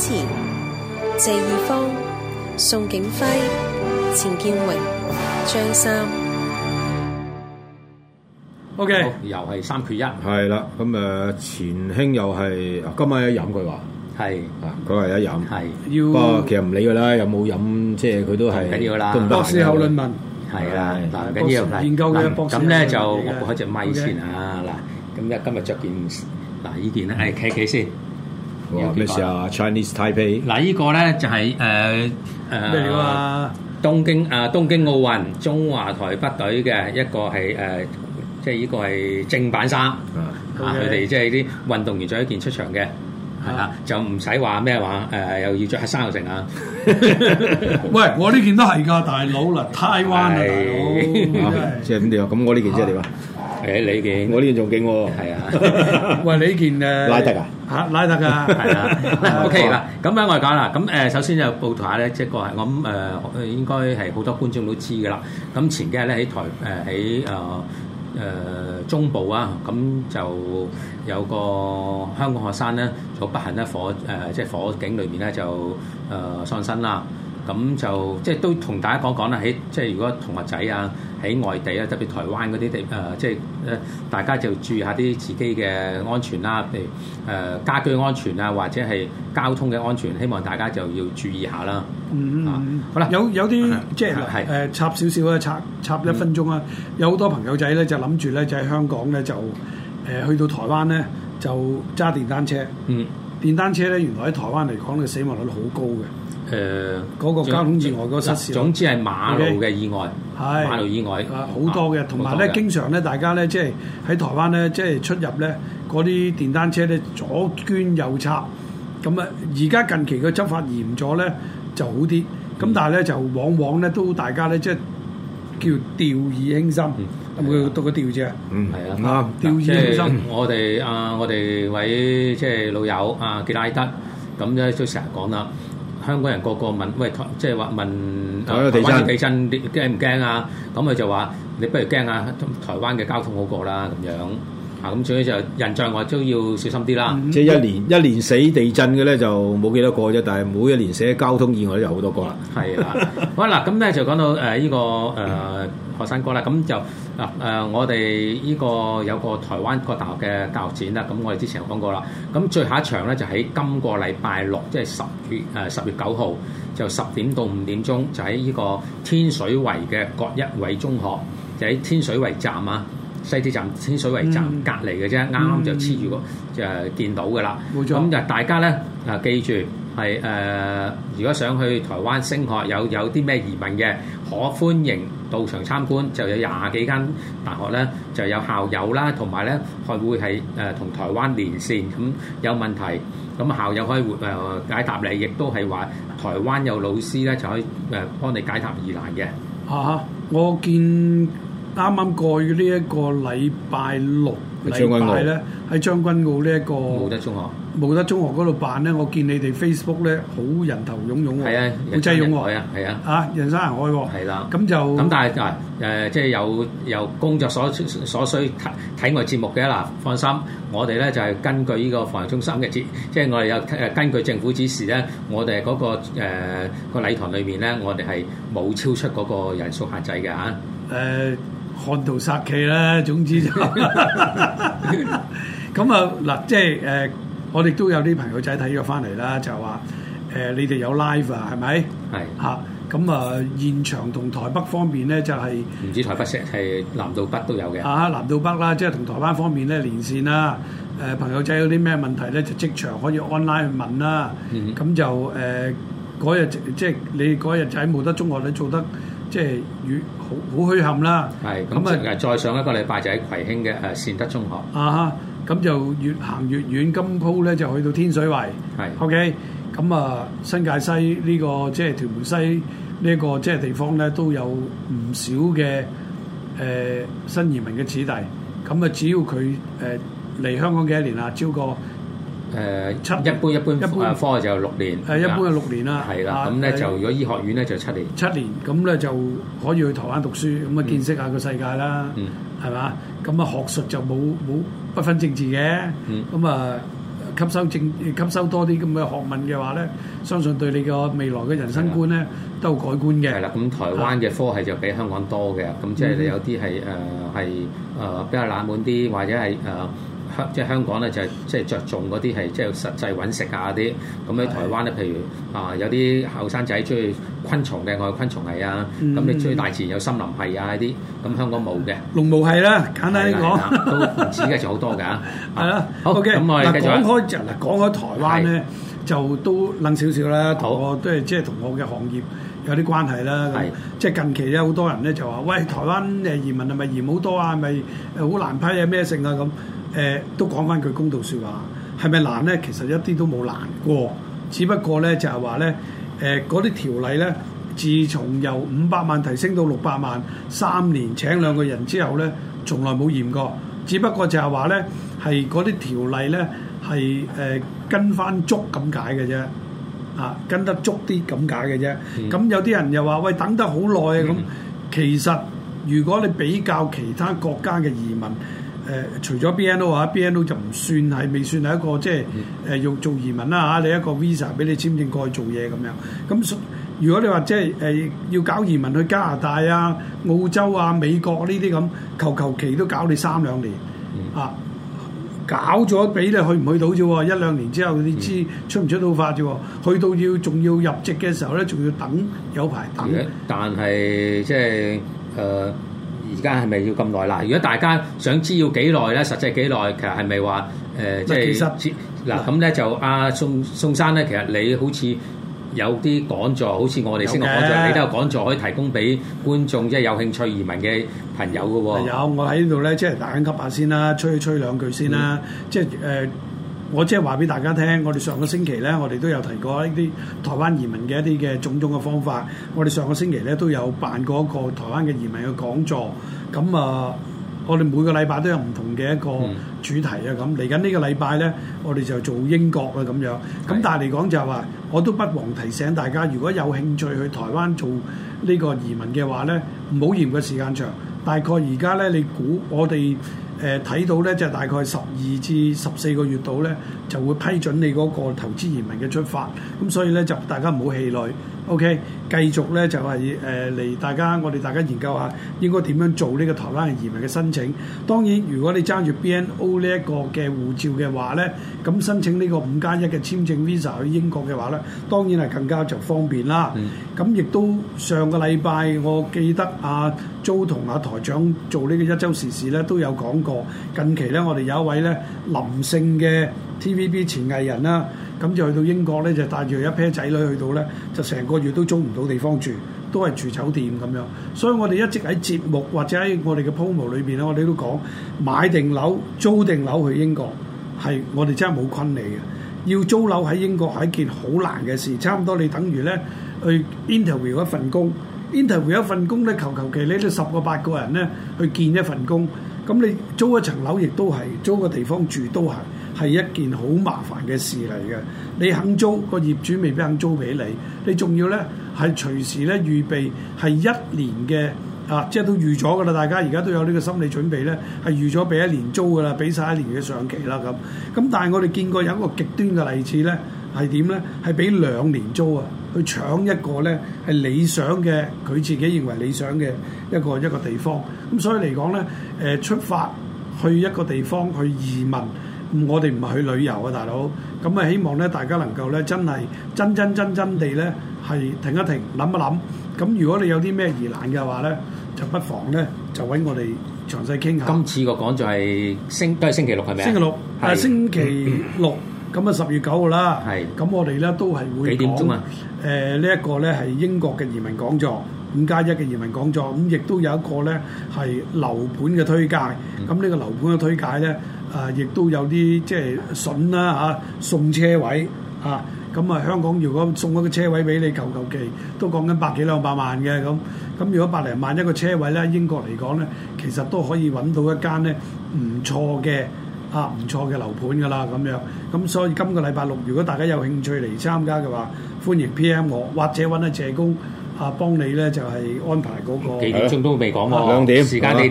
前謝義方、宋景輝、錢建榮、張三。O K，又係三缺一。係啦，咁誒，錢兄又係今晚一飲佢話係，佢係一飲係。不過其實唔理噶啦，有冇飲即係佢都係緊要噶啦。博士後論文係啦，嗱，緊要啦。研究嘅博士咁咧就我開隻咪先啊，嗱，咁一今日着件嗱呢件咧，係企企先。咩啊？Chinese Taipei 嗱，依、啊依個咧就係、是呃啊、東京啊，東京奧運中華台北隊嘅一個係誒，即係依個係正版衫，佢哋即係啲運動員著一件出場嘅、啊啊，就唔使話咩話、啊，又要着黑衫又成啊！ 喂，我呢件都係㗎，大佬啦，台灣啊，大佬，即係點樣？咁我呢件即係點啊？係、哎哦、啊， 你件我呢件仲勁喎。啊，喂，你件誒？拉德啊？拉德㗎。係啊。O K 啦，咁咧我哋講啦。咁、呃、首先就報道下咧，一個係我誒、呃、應該係好多觀眾都知㗎啦。咁前幾日咧喺台喺、呃呃呃、中部啊，咁就有個香港學生咧、呃，就不幸咧火即係火警裏面咧就誒、呃、喪生啦。咁就即係都同大家講講啦，喺即係如果同學仔啊喺外地啊，特別台灣嗰啲地誒，即係誒大家就注意下啲自己嘅安全啦，譬如誒、呃、家居安全啊，或者係交通嘅安全，希望大家就要注意下啦。嗯嗯、啊、好啦，有有啲即係誒插少少啊，插插一分鐘啊、嗯。有好多朋友仔咧就諗住咧就喺香港咧就誒、呃、去到台灣咧就揸電單車。嗯。電單車咧原來喺台灣嚟講嘅死亡率好高嘅。誒、呃、嗰、那個交通意外嗰個失事，總之係馬路嘅意外，okay，馬路意外啊好多嘅，同埋咧，呢經常咧、就是就是啊嗯，大家咧，即係喺台灣咧，即係出入咧，嗰啲電單車咧左捐右插，咁啊，而家近期個執法嚴咗咧就好啲，咁但係咧就往往咧都大家咧即係叫掉以輕心，冇、嗯、讀、嗯、個掉字、嗯、啊，嗯係啊，啊掉以輕心，啊就是、我哋、嗯、啊我哋位即係老友啊傑拉德，咁咧都成日講啦。香港人個個問，喂，台即係話問台灣地震你驚唔驚啊？咁佢、啊、就話：你不如驚下、啊、台灣嘅交通好過啦，咁樣。咁所以就人在外都要小心啲啦。即、嗯、係一年一年死地震嘅咧，就冇幾多個啫。但係每一年死交通意外都有好多個啦。係啦、啊、 好啦，咁咧就講到呢個、呃、學生哥啦。咁就、呃、我哋呢、這個有個台灣各大學嘅教育展啦。咁我哋之前有講過啦。咁最後一場咧就喺今個禮拜六，即係十月、呃、十月九號，就十點到五點鐘，就喺呢個天水圍嘅國一位中學，就喺天水圍站啊。西鐵站清水圍站隔離嘅啫，啱、嗯、啱就黐住個就見到嘅啦。冇、嗯、錯。咁、嗯、就大家咧啊，記住係誒、呃，如果想去台灣升學，有有啲咩疑問嘅，可歡迎到場參觀。就有廿幾間大學咧，就有校友啦，同埋咧會會係誒同台灣連線。咁有問題，咁校友可以誒、呃、解答你，亦都係話台灣有老師咧就可以誒幫你解答疑難嘅。啊！我見。啱啱過去呢一個禮拜六禮拜咧，喺將軍澳呢一、這個，武德中學，武德中學嗰度辦咧，我見你哋 Facebook 咧，好人頭湧湧喎，係啊，人擁喎，係啊係啊，嚇、啊、人山人海喎、啊，係啦、啊，咁、啊啊、就咁但係誒，即、呃、係、就是、有有工作所所需睇我節目嘅嗱，放心，我哋咧就係、是、根據呢個防疫中心嘅指，即、就、係、是、我哋有誒根據政府指示咧，我哋嗰、那個誒、呃那個禮堂裏面咧，我哋係冇超出嗰個人數限制嘅嚇，誒、呃。看圖殺氣啦，總之就咁 啊！嗱，即、呃、係我哋都有啲朋友仔睇咗翻嚟啦，就話誒、呃，你哋有 live 係咪？咁啊，啊！現場同台北方面咧就係、是、唔止台北市係南到北都有嘅啊，南到北啦，即係同台灣方面咧連線啦、啊。誒、啊，朋友仔有啲咩問題咧，就即場可以 online 去問啦、啊。咁、嗯、就誒嗰日即係你嗰日仔冇德中學你做得即係好虛憾啦！係咁啊，再上一個禮拜就喺葵興嘅誒善德中學啊，咁就越行越遠，金鋪咧就去到天水圍。係 OK，咁啊新界西呢個即係屯門西呢個即係地方咧都有唔少嘅誒新移民嘅子弟，咁啊只要佢誒嚟香港幾多年啦，超過。誒，七，一般一般誒科就六年，誒一般係六年啦，係啦，咁咧就如果醫學院咧就七年，七年，咁咧就可以去台灣讀書，咁啊見識下個世界啦，係嘛？咁啊學術就冇冇不分政治嘅，咁啊吸收政吸收多啲咁嘅學問嘅話咧，相信對你嘅未來嘅人生觀咧都改觀嘅。係啦，咁台灣嘅科系就比香港多嘅，咁即係你有啲係誒係誒比較冷門啲，或者係誒。香即係香港咧，就係即係着重嗰啲係即係實際揾食啊啲。咁喺台灣咧，譬如啊，有啲後生仔鍾意昆蟲嘅，有昆蟲系啊。咁你鍾意大自然，有森林系啊啲。咁香港冇嘅，農牧系啦，簡單啲講，都唔止嘅，就好多㗎。係咯，好，OK，咁我繼續。嗱講開就嗱講開台灣咧，就都冷少少啦。我都係即係同我嘅行業有啲關係啦。係即係近期咧，好多人咧就話：喂，台灣誒移民係咪嚴好多啊？係咪誒好難批啊？咩性啊咁？誒、呃、都講翻句公道說話，係咪難呢？其實一啲都冇難過，只不過呢，就係、是、話呢誒嗰啲條例呢，自從由五百萬提升到六百萬三年請兩個人之後呢，從來冇驗過，只不過就係話呢，係嗰啲條例呢，係誒、呃、跟翻足咁解嘅啫，啊跟得足啲咁解嘅啫。咁、嗯、有啲人又話喂等得好耐啊咁，嗯、其實如果你比較其他國家嘅移民，誒除咗 BNO 啊，BNO 就唔算係未算係一個即係誒用做移民啦嚇，你一個 visa 俾你簽證過去做嘢咁樣。咁如果你話即係誒、呃、要搞移民去加拿大啊、澳洲啊、美國呢啲咁，求求其都搞你三兩年、嗯、啊，搞咗俾你去唔去到啫喎？一兩年之後你知出唔出到法啫喎、嗯？去到要仲要入籍嘅時候咧，仲要等有排等。但係即係誒。呃而家係咪要咁耐啦？如果大家想知道要幾耐咧，實際幾耐，其實係咪話誒即係嗱咁咧就阿、啊、宋宋生咧，其實你好似有啲講座，好似我哋先個講座，你都有講座可以提供俾觀眾即係有興趣移民嘅朋友嘅喎。朋友，我喺呢度咧，即、就、係、是、大聲吸下先啦，吹，吹吹兩句先啦，嗯、即係誒。呃我即係話俾大家聽，我哋上個星期呢，我哋都有提過一啲台灣移民嘅一啲嘅種種嘅方法。我哋上個星期呢，都有辦過一個台灣嘅移民嘅講座。咁啊，我哋每個禮拜都有唔同嘅一個主題啊。咁嚟緊呢個禮拜呢，我哋就做英國啊咁樣。咁但係嚟講就係話，我都不妨提醒大家，如果有興趣去台灣做呢個移民嘅話呢，唔好嫌個時間長。大概而家呢，你估我哋。誒、呃、睇到咧，就大概十二至十四個月度咧，就會批准你嗰個投資移民嘅出發，咁所以咧就大家唔好氣餒。OK，繼續咧就係誒嚟大家，我哋大家研究下應該點樣做呢個台灣人移民嘅申請。當然，如果你揸住 BNO 呢一個嘅護照嘅話咧，咁申請呢個五加一嘅簽證 visa 去英國嘅話咧，當然係更加就方便啦。咁、嗯、亦都上個禮拜，我記得阿 Jo 同阿台長做呢個一週時事咧，都有講過。近期咧，我哋有一位咧林姓嘅 TVB 前藝人啦、啊。咁就去到英國咧，就帶住一對仔女去到咧，就成個月都租唔到地方住，都係住酒店咁樣。所以我哋一直喺節目或者喺我哋嘅 promo 裏邊咧，我哋都講買定樓租定樓去英國係我哋真係冇昆你嘅。要租樓喺英國係一件好難嘅事，差唔多你等於咧去 interview 一份工，interview 一份工咧求求其你都十個八個人咧去見一份工，咁你租一層樓亦都係租個地方住都係。係一件好麻煩嘅事嚟嘅，你肯租個業主未必肯租俾你，你仲要咧係隨時咧預備係一年嘅啊，即係都預咗㗎啦，大家而家都有呢個心理準備咧，係預咗俾一年租㗎啦，俾晒一年嘅上期啦咁。咁但係我哋見過有一個極端嘅例子咧，係點咧？係俾兩年租啊，去搶一個咧係理想嘅佢自己認為理想嘅一個一個地方。咁所以嚟講咧，誒、呃、出發去一個地方去移民。我哋唔係去旅遊啊，大佬。咁啊，希望咧大家能夠咧，真係真真真真地咧，係停一停，諗一諗。咁如果你有啲咩疑難嘅話咧，就不妨咧就揾我哋詳細傾下。今次個講座係星都係星期六係咪啊？星期六，誒星期六，咁啊十月九號啦。係。咁我哋咧都係會講，幾點鐘啊？誒呢一個咧係英國嘅移民講座。五加一嘅移民講座，咁亦都有一個呢係樓盤嘅推介。咁、嗯、呢個樓盤嘅推介呢，誒亦都有啲即係筍啦嚇，送車位啊！咁、嗯、啊，香港如果送一個車位俾你，求求其都講緊百幾兩百萬嘅咁。咁如果百零萬一個車位呢，英國嚟講呢，其實都可以揾到一間呢唔錯嘅啊唔錯嘅樓盤㗎啦，咁樣。咁、嗯、所以今個禮拜六，如果大家有興趣嚟參加嘅話，歡迎 P.M. 我或者揾阿謝工。啊，幫你咧就係安排嗰個幾點鐘都未講喎，兩點，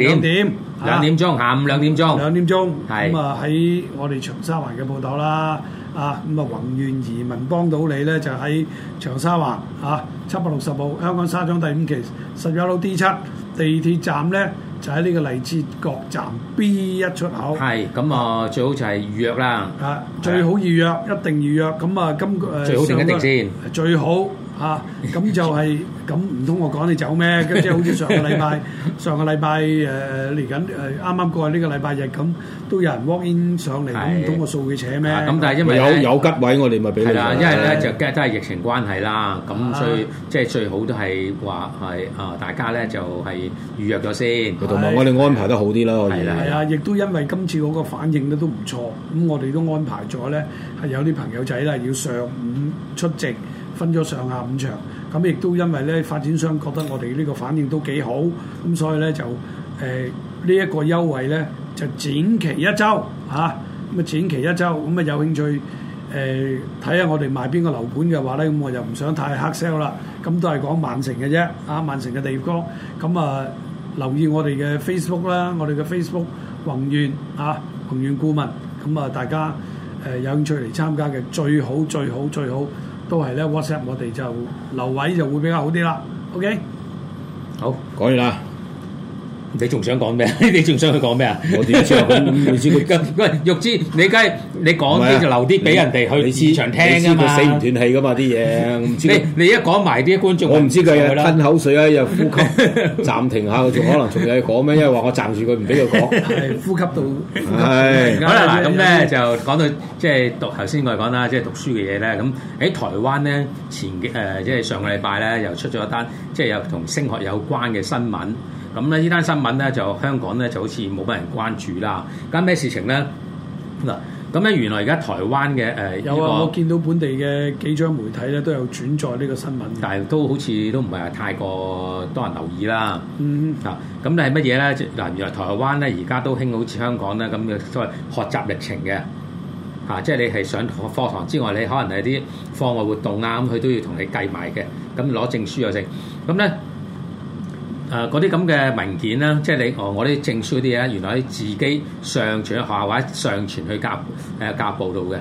兩點，兩點鐘，下午兩點鐘，兩點鐘。咁啊喺我哋長沙灣嘅鋪頭啦，啊咁啊宏遠移民幫到你咧就喺長沙灣啊七百六十號香港紗廠第五期十一樓 D 七，地鐵站咧就喺呢個荔枝角站 B 一出口。係咁啊，最好就係預約啦。啊，最好預約，一定預約。咁啊，今誒最好定一定先，最好。嚇，咁就係咁唔通我趕你走咩？咁即係好似上個禮拜，上個禮拜誒嚟緊誒啱啱過呢個禮拜日咁，都有人 walk in 上嚟，唔通我掃佢扯咩？咁但係因為有有吉位，我哋咪俾你。係啦，因為咧就梗係都係疫情關係啦，咁所以即係最好都係話係啊，大家咧就係預約咗先。同埋，我哋安排得好啲咯。係啊，亦都因為今次我個反應咧都唔錯，咁我哋都安排咗咧係有啲朋友仔啦要上午出席。分咗上下五場，咁亦都因為咧發展商覺得我哋呢個反應都幾好，咁所以咧就誒呢一個優惠咧就展期一周。嚇、啊，咁啊展期一周，咁啊有興趣誒睇下我哋賣邊個樓盤嘅話咧，咁我就唔想太黑 sell 啦，咁都係講萬城嘅啫，啊萬城嘅地方，咁啊留意我哋嘅 Facebook 啦，我哋嘅 Facebook 宏願啊宏願顧問，咁啊大家誒、呃、有興趣嚟參加嘅最好最好最好。最好最好都係呢 WhatsApp，我哋就留位就會比較好啲啦。OK，好，講完啦。你仲想講咩？你仲想佢講咩啊？我點唱？唔知佢咁喂？玉芝你梗係你講啲就留啲俾人哋去市場聽噶嘛，嘛？死唔斷氣噶嘛啲嘢？你你一講埋啲觀眾，我唔知佢又吞口水啊，又呼吸暫停下，佢仲可能仲有講咩？因為話我暫住佢唔俾佢講，係 呼吸到。係 好啦嗱，咁 咧就講到即係、就是、讀頭先我哋講啦，即、就、係、是、讀書嘅嘢咧。咁喺台灣咧前幾誒，即、呃、係、就是、上個禮拜咧又出咗一單，即、就、係、是、又同升學有關嘅新聞。咁咧呢單新聞咧就香港咧就好似冇乜人關注啦。咁咩事情咧嗱？咁咧原來而家台灣嘅誒有、啊、我見到本地嘅幾張媒體咧都有轉載呢個新聞，但係都好似都唔係太過多人留意啦。嗯嗯。咁你係乜嘢咧？嗱，原來台灣咧而家都興好似香港咧咁嘅所謂學習歷程嘅。啊，即係你係上課堂之外，你可能係啲課外活動啊，咁佢都要同你計埋嘅。咁攞證書又成。咁、啊、咧。誒嗰啲咁嘅文件啦，即係你哦，我啲證書啲嘢，原來自己上傳喺學校或者上傳去教誒教育部度嘅。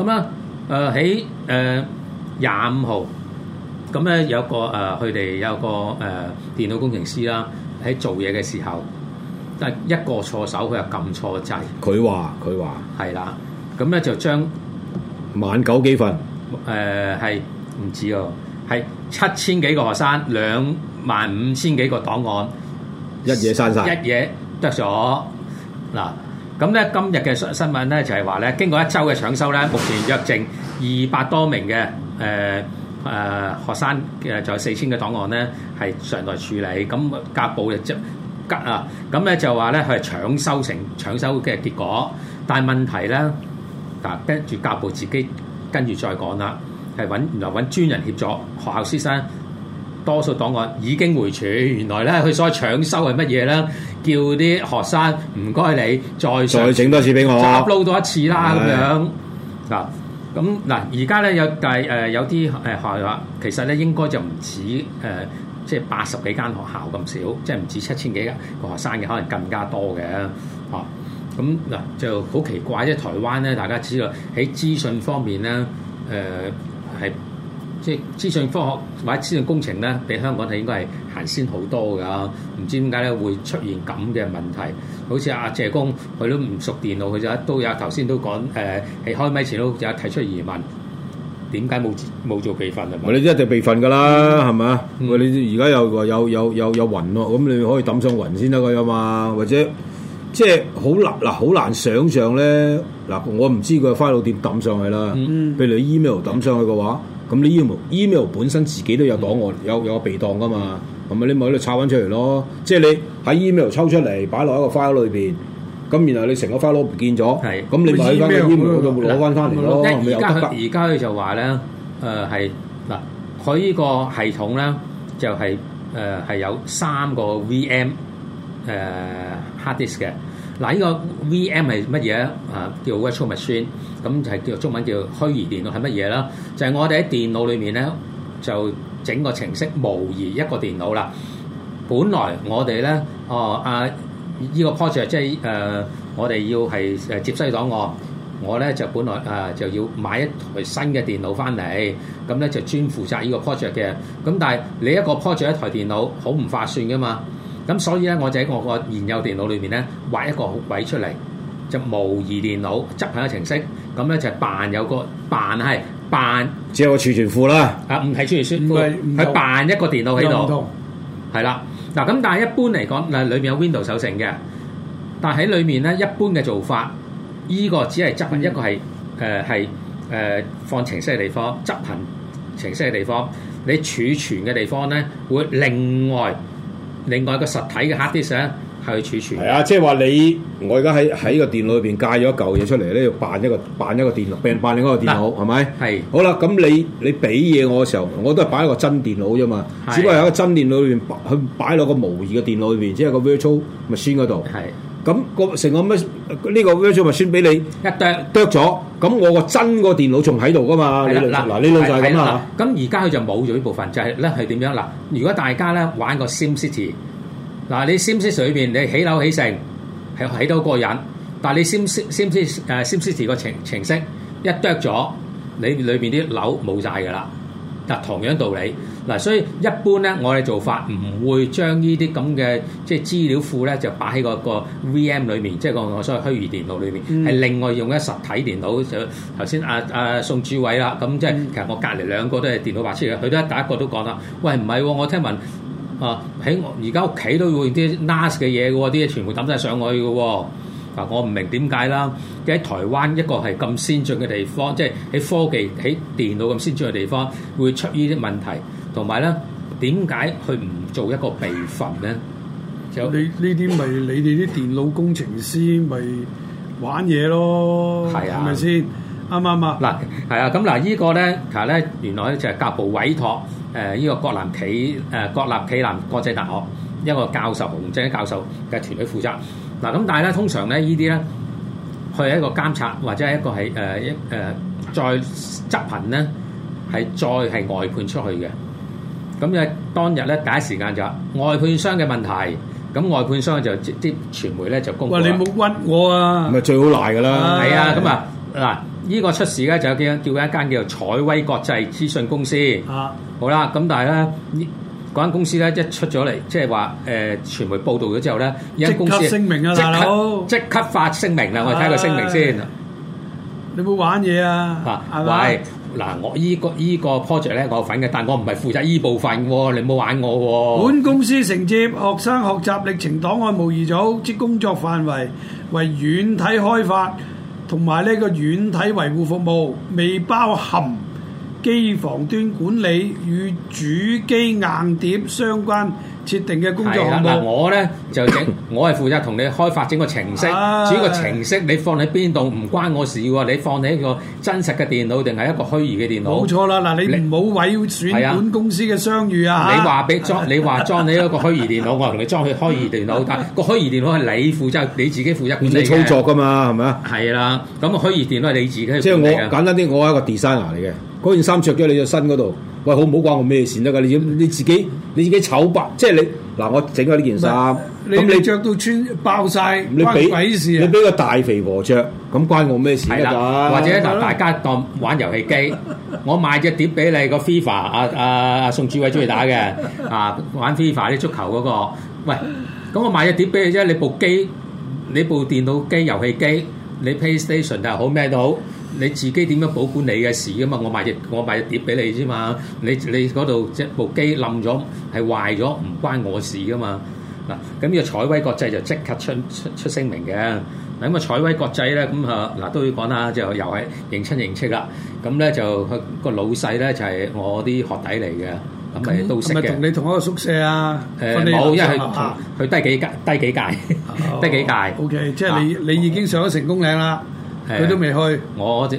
咁、呃、啦，誒喺誒廿五號，咁咧有個誒佢哋有個誒、呃、電腦工程師啦，喺做嘢嘅時候，即係一個錯手，佢又撳錯掣。佢話佢話係啦，咁咧就將晚九幾份，誒係唔止哦。係七千幾個學生，兩萬五千幾個檔案，一嘢刪曬，一嘢得咗嗱。咁咧今日嘅新新聞咧就係話咧，經過一周嘅搶修，咧，目前約剩二百多名嘅誒誒學生嘅仲有四千嘅檔案咧係尚待處理。咁甲部就即急啊！咁咧就話咧係搶修成搶修嘅結果，但係問題咧嗱，跟住甲部自己跟住再講啦。係揾原來揾專人協助學校師生，多數檔案已經回傳。原來咧，佢所謂搶收係乜嘢咧？叫啲學生唔該你再再整多次俾我，再 load 多一次、啊、一次啦咁樣嗱。咁嗱，而家咧有但係誒有啲誒、呃、學校話，其實咧應該就唔止誒、呃、即係八十幾間學校咁少，即係唔止七千幾個學生嘅，可能更加多嘅哦。咁、啊、嗱就好奇怪，即、呃、係台灣咧，大家知道喺資訊方面咧誒。呃係即係資訊科學或者資訊工程咧，比香港係應該係行先好多噶啊。唔知點解咧會出現咁嘅問題？好似阿謝工，佢都唔熟電腦，佢就都有頭先都講誒係開咪前都有提出疑問，點解冇冇做備份啊？我哋一定備份噶啦，係咪啊？我哋而家又話有有有有雲咯，咁你可以揼上雲先得噶嘛？或者即係好難嗱，好難想像咧。嗱，我唔知佢個 file 點抌上去啦。譬如你 email 抌上去嘅話，咁你 email email 本身自己都有檔案，有有備檔噶嘛，咁咪，你咪喺度拆翻出嚟咯。即係你喺 email 抽出嚟，擺落一個 file 裏邊，咁然後你成個 file 唔見咗，咁你咪喺間嘅 email 度攞翻翻嚟咯。而家而家佢就話咧，誒係嗱，佢呢個系統咧就係誒係有三個 VM 誒 hard disk 嘅。嗱，呢個 VM 係乜嘢？啊，叫 Virtual Machine，咁就係叫中文叫虛擬電腦，係乜嘢啦？就係、是、我哋喺電腦裏面咧，就整個程式模擬一個電腦啦。本來我哋咧，哦啊，依、呢個 project 即係誒、呃，我哋要係誒接收檔案，我咧就本來啊、呃、就要買一台新嘅電腦翻嚟，咁咧就專負責呢個 project 嘅。咁但係你一個 project 一台電腦，好唔划算㗎嘛？咁所以咧，我就喺我個現有電腦裏面咧，畫一個位出嚟，就是、模擬電腦執行一個程式。咁咧就係扮有個扮係扮，只有個儲存庫啦。啊，唔係儲存庫，唔係佢扮一個電腦喺度，係啦。嗱咁，但係一般嚟講，嗱裏面有 Windows 手首成嘅，但喺裏面咧，一般嘅做法，依個只係執行、嗯、一個係誒係誒放程式嘅地方，執行程式嘅地方，你儲存嘅地方咧會另外，另外一個實體嘅 hard disk 去儲存的。係啊，即係話你我而家喺喺個電腦裏面介咗一嚿嘢出嚟咧，你要扮一個扮一個電腦，扮另一個電腦，係咪？好啦，咁你你俾嘢我嘅時候，我都係擺一個真電腦啫嘛，啊，只不過係一個真電腦裏面，佢擺落個模擬嘅電腦裏邊，即係個 virtual machine 嗰度。係。咁個成個乜呢個 version 咪輸俾你一剁剁咗，咁我個真個電腦仲喺度噶嘛？嗱嗱，呢度就係咁啦嚇。咁而家佢就冇咗呢部分，就係咧係點樣？嗱，如果大家咧玩個 SimCity，嗱你 SimCity 裏邊你起樓起成係起到過癮，但係你 SimSimCity 誒 SimCity 個程程式一剁咗，你裏邊啲樓冇曬㗎啦。嗱同樣道理，嗱所以一般咧，我哋做法唔會將呢啲咁嘅即係資料庫咧，就擺喺個 VM 裏面，即係我所謂虛擬電腦裏面，係、嗯、另外用一實體電腦。頭先阿阿宋志偉啦，咁即係其實我隔離兩個都係電腦白痴嘅，佢都係第一個都講啦，喂，唔係喎，我聽聞啊喺我而家屋企都會啲 NAS 嘅嘢嘅喎，啲嘢全部抌晒上去嘅喎。嗱，我唔明點解啦，喺台灣一個係咁先進嘅地方，即係喺科技、喺電腦咁先進嘅地方，會出依啲問題，同埋咧點解佢唔做一個備份咧？就你呢啲咪你哋啲電腦工程師咪玩嘢咯？係啊，係咪先？啱唔啱啊？嗱，係啊，咁嗱，依個咧，其實咧，原來咧就係教育部委託誒依個國南暨誒國立暨南國際大學一個教授、洪正英教授嘅團隊負責。嗱咁，但係咧，通常咧，依啲咧，佢係一個監察或者係一個係誒一誒再執行咧，係再係外判出去嘅。咁咧，當日咧，第一時間就外判商嘅問題，咁外判商就即啲傳媒咧就公。喂，你冇屈我啊！咪最好賴噶啦，係啊。咁啊，嗱，依個出事咧就有叫叫一間叫做彩威國際資訊公司。啊，好啦，咁但係咧。嗰間公司咧一出咗嚟，即係話誒，傳媒報導咗之後咧，依間公司即刻聲明啊，大佬！即刻發聲明啦，我哋睇下個聲明先。你冇玩嘢啊？係嘛？嗱，我依個依個 project 咧，我有份嘅，但係我唔係負責依部分喎，你冇玩我喎。本公司承接學生學習歷程檔案模擬組之工作範圍為軟體開發同埋咧個軟體維護服務，未包含。機房端管理與主機硬碟相關設定嘅工作項目。係我咧就整， 我係負責同你開發整個程式。主、啊、要個程式你放喺邊度唔關我事、啊、你放喺一個真實嘅電腦定係一個虛擬嘅電腦？冇錯啦，嗱你唔好毀損本公司嘅商譽啊！你話俾裝，你話裝你，你一個虛擬電腦， 我同你裝佢虛擬電腦，但個虛擬電腦係你負責，你自己負責管理，你操作噶嘛，係咪啊？係啦，咁虛擬電腦係你自己。即係我簡單啲，我係一個 designer 嚟嘅。嗰件衫着咗你隻身嗰度，喂，好唔好關我咩事得噶？你你你自己你自己醜白，即係你嗱，我整咗呢件衫，咁你着到穿爆晒，關鬼事啊！你俾個大肥婆着，咁關我咩事啊？或者嗱，大家當玩遊戲機， 我賣隻碟俾你個 FIFA，阿、啊、阿、啊、宋志偉中意打嘅，啊，玩 FIFA 啲足球嗰、嗰個，喂，咁我賣隻碟俾你啫，你部機，你部電腦機、遊戲機，你 PlayStation 又好咩都好。你自己點樣保管你嘅事噶嘛？我買隻我買隻碟俾你啫嘛。你你嗰度，即部機冧咗係壞咗，唔關我事噶嘛。嗱，咁呢個彩威國際就即刻出出出聲明嘅。嗱，咁啊彩威國際咧，咁啊嗱都要講下就又係認親認戚啦。咁咧就個個老細咧就係我啲學弟嚟嘅，咁係都識嘅。同你同一個宿舍啊？誒、嗯、冇，因為佢低幾屆，低幾屆，低幾屆。O、oh, K，okay, okay, 即係你你已經上咗成功嶺啦。佢都未去，啊、我啫，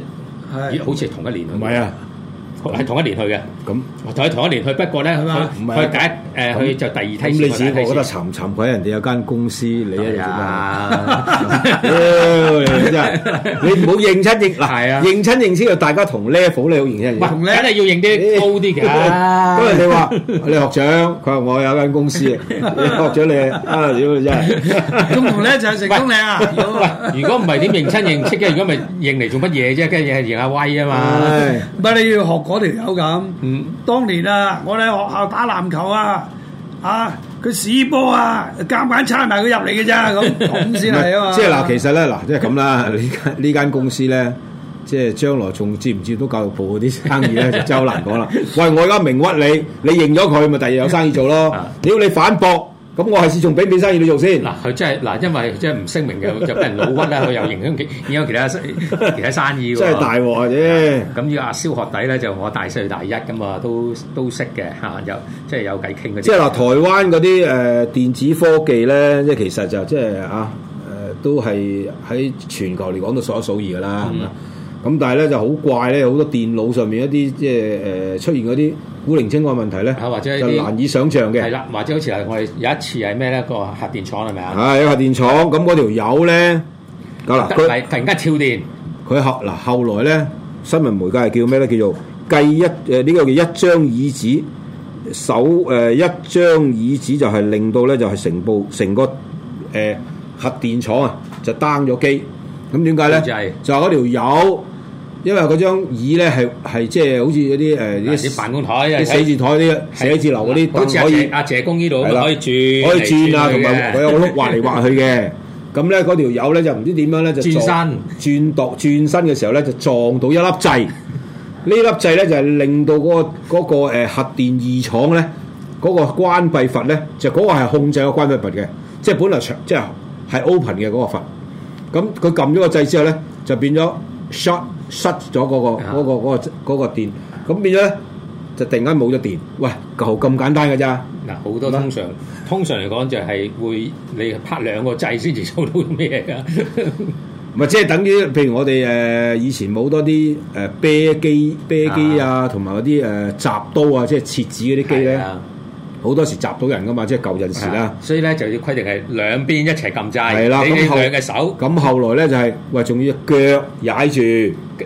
咦、啊？好似係同一年，唔係啊。係同一年去嘅，咁就喺同一年去。不過咧，佢第一，誒，去就第二梯。你自己我覺得慚唔慚愧？人哋有間公司，你一樣做咩？妖，你真係，你唔好認親認嗱，係啊，認親認識又大家同 level，你好認親認。唔同 level，梗係要認啲高啲嘅。因為你話你學長，佢話我有間公司，你學長你啊，妖真係。咁同 level 就成功你啊？喂，如果唔係點認親認識嘅？如果咪認嚟做乜嘢啫？梗係認下威啊嘛。唔係你要學。嗰條友咁，當年啊，我哋學校打籃球啊，啊，佢屎波啊，監管差埋佢入嚟嘅咋，咁先係啊嘛。即係嗱，其實咧嗱，即係咁啦。呢間呢間公司咧，即係將來仲接唔接到教育部嗰啲生意咧，就真係好難講啦。 喂，我而家明屈你，你認咗佢，咪第二日有生意做咯。屌 你，你反駁！咁我係始終俾面生意你做先、啊。嗱、就是，佢真係嗱，因為即係唔聲明嘅， 就俾人老屈啦。佢有影響其，有其他其他生意喎。 真係大鑊啫。咁要阿蕭學弟咧，就我大三大一咁啊，都都識嘅、啊、有即係、就是、有偈傾嗰啲。即係嗱，台灣嗰啲、呃、電子科技咧，即係其實就即係啊、呃、都係喺全球嚟講都數一數二噶啦，咁、嗯啊啊、但係咧就好怪咧，好多電腦上面一啲即係出現嗰啲。古靈精怪問題咧，就難以想像嘅。係啦，或者好似我哋有一次係咩咧？個核電廠係咪啊？係核電廠，咁嗰條友呢，嗱佢、啊、突然間跳電，佢、啊、後嗱後來咧新聞媒介係叫咩咧？叫做計一誒呢、呃這個叫一張椅子，手誒、呃、一張椅子就係令到咧就係、是、成部成個、呃、核電廠啊就 down 咗機。咁點解咧？就係嗰條友。因為嗰張椅咧，係係即係好似嗰啲誒啲辦公台、啲寫字台、啲寫字樓嗰啲，都可以阿謝公呢度，可以轉可以轉啊，同埋佢有碌 滑嚟滑去嘅。咁咧，嗰條友咧，就唔知點樣咧，就轉身轉度轉身嘅時候咧，就撞到一粒掣。 呢粒掣咧就係、是、令到嗰、那個嗰、那個、核電二廠咧嗰、那個關閉閥咧就嗰、是、個係控制個關閉閥嘅，即、就、係、是、本來長即係係 open 嘅嗰個閥。咁佢撳咗個掣之後咧就變咗 shut 塞咗嗰、嗰個嗰、啊嗰個嗰個、嗰個電，咁變咗咧就突然間冇咗電。喂，就咁簡單嘅咋？嗱，好多通常通常嚟講就係會你拍兩個掣先至做到啲咩噶。咪即係等於，譬如我哋誒、呃、以前冇多啲誒、呃、啤機啤機啊，同埋嗰啲誒閘刀啊，即係切紙嗰啲機咧，好、啊、多時閘到人噶嘛，即係舊陣時啦、啊。所以咧就要規定係兩邊一齊撳掣，俾、啊、你兩隻手。咁後，後來咧就係、是、喂，仲要腳踩住。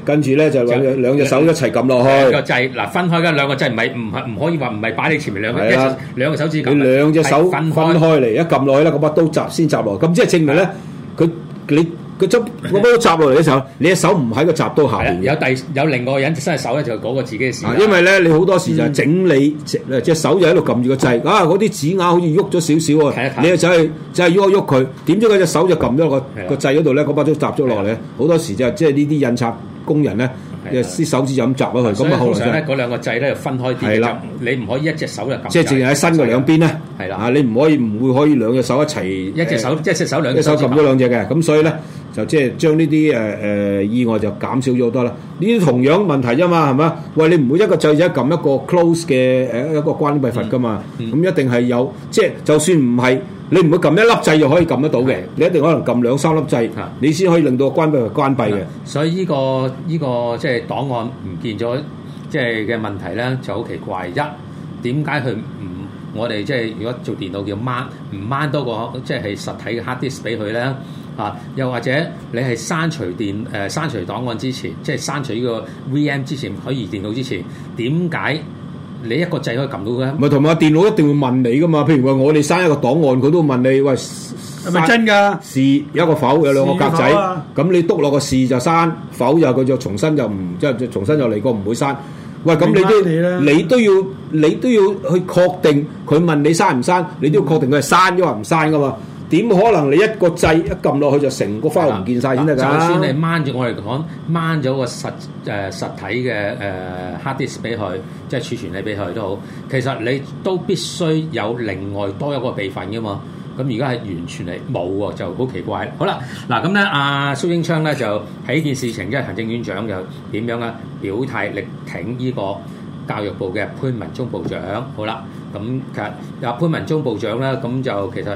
跟住咧就兩兩隻手一齊撳落去、這個掣，嗱、啊、分開嘅兩個掣，唔係唔係唔可以話唔係擺你前面兩隻，兩個,、啊、個手指撳。你兩隻手分開嚟一撳落去啦，個把刀閘先閘落。咁即係證明咧，佢、啊、你佢執個刀閘落嚟嘅時候，你隻手唔喺個閘刀下邊、啊、有第有另外一個人伸隻手咧，就係、是、個自己嘅事、啊。因為咧，你好多時就係整理隻隻、嗯、手就喺度撳住個掣。啊，嗰啲指眼好似喐咗少少喎。你隻手去就喐一喐佢，點知佢隻手就撳咗、這個、啊這個掣嗰度咧？個把刀閘咗落嚟，好、啊啊、多時就即係呢啲印刷。工人咧，誒先手指就咁夾咗佢，咁啊好。後來咧，嗰兩個掣咧就分開啲，係啦，你唔可以一隻手就撳。即係淨係喺身嘅兩邊咧。係啦，啊你唔可以唔會可以兩隻手一齊。一隻手，一隻手兩隻手。一隻手撳咗兩隻嘅，咁所以咧就即係將呢啲誒誒意外就減少咗好多啦。呢啲同樣問題啫嘛，係嘛？餵你唔會一個掣一撳一個 close 嘅誒一個關閉法噶嘛，咁一定係有，即係就算唔係。你唔會撳一粒掣就可以撳得到嘅，你一定可能撳兩三粒掣，你先可以令到關閉佢關閉嘅。所以呢個呢個即係檔案唔見咗，即係嘅問題咧就好奇怪。一點解佢唔我哋即係如果做電腦叫掹唔掹多個即係實體嘅 hard disk 俾佢咧啊？又或者你係刪除電誒、呃、刪除檔案之前，即係刪除呢個 VM 之前可以電腦之前，點解？你一個掣可以撳到嘅，唔係同埋電腦一定會問你噶嘛？譬如話我哋刪一個檔案，佢都會問你喂，係咪真㗎？是有一個否，有兩個格仔。咁你篤落個是就刪，否就佢就重新又唔即係重新又嚟過，唔會刪。喂，咁你都你都要你都要去確定佢問你刪唔刪，你都要確定佢係刪抑或唔刪㗎嘛。點可能你一個掣一撳落去就成個花唔見晒？就算你掹住我嚟講，掹咗個實誒、呃、實體嘅誒、呃、hard disk 俾佢，即係儲存你俾佢都好，其實你都必須有另外多一個備份嘅嘛。咁而家係完全係冇喎，就好奇怪。好啦，嗱咁咧，阿、啊、蘇英昌咧就睇件事情，即係行政院長就點樣咧？表態力挺呢個教育部嘅潘文忠部長。好啦，咁其實阿潘文忠部長咧，咁就其實。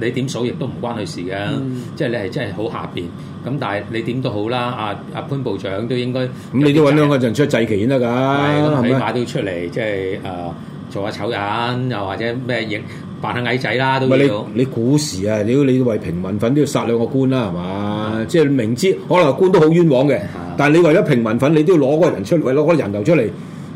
你點數亦都唔關佢事嘅、嗯，即係你係真係好下邊咁。但係你點都好啦，阿、啊、阿、啊、潘部長都應該咁，你都搵兩個人出祭旗先得㗎，係嘛？起碼都要出嚟，即係誒、呃、做下醜人，又或者咩影扮下矮仔啦，都要你。你古時啊，你你為平民憤都要殺兩個官啦，係嘛？即係、就是、明知可能官都好冤枉嘅，但係你為咗平民憤，你都要攞嗰個人出，攞嗰人頭出嚟，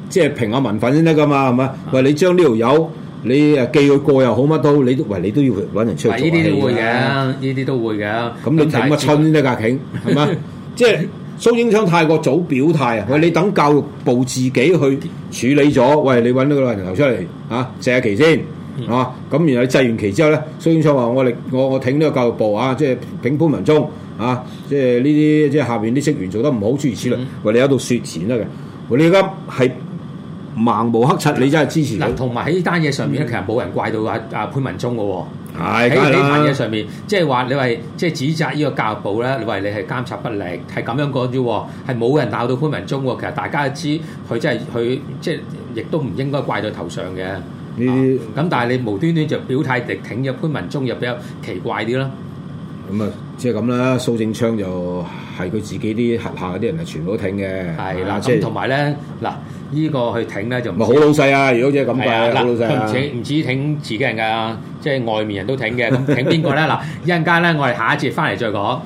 即、就、係、是、平下民憤先得㗎嘛，係咪？喂，你將呢條友。你誒寄佢過又好乜都，你都喂你都要揾人出去，呢啲都會嘅，呢啲都會嘅。咁你等乜春先得噶？梗係嘛？即係、 就是、蘇英昌太過早表態啊！喂， 你等教育部自己去處理咗。 喂，你揾嗰個人頭出嚟啊？借期先係咁、嗯啊、然後你制完期之後咧，蘇英昌話：我嚟我我挺呢個教育部啊！即係潘文忠啊！即係呢啲即係下邊啲職員做得唔好，諸如此類。喂，你喺度説錢得嘅？喂、啊，你而家係。盲無黑漆，你真係支持。嗱，同埋喺呢單嘢上面咧，其實冇人怪到阿阿潘文忠嘅喎。喺呢單嘢上面，即係話你話即係指責呢個教育部咧，你話你係監察不力，係咁樣講啫，係冇人鬧到潘文忠。其實大家都知佢真係佢即係亦都唔應該怪到頭上嘅。呢啲咁，但係你無端端就表態力挺嘅潘文忠，又比較奇怪啲咯。咁啊，即係咁啦。蘇貞昌就係佢自己啲合下啲人係全部都挺嘅。係啦，即係同埋咧嗱。呢、這個去挺呢就唔係好老細啊！如果只係咁嘅，好老細啊！唔、啊、止唔止挺自己人㗎，即係外面人都挺嘅。咁挺邊個呢？嗱，一陣間呢，我哋下一節返嚟再講。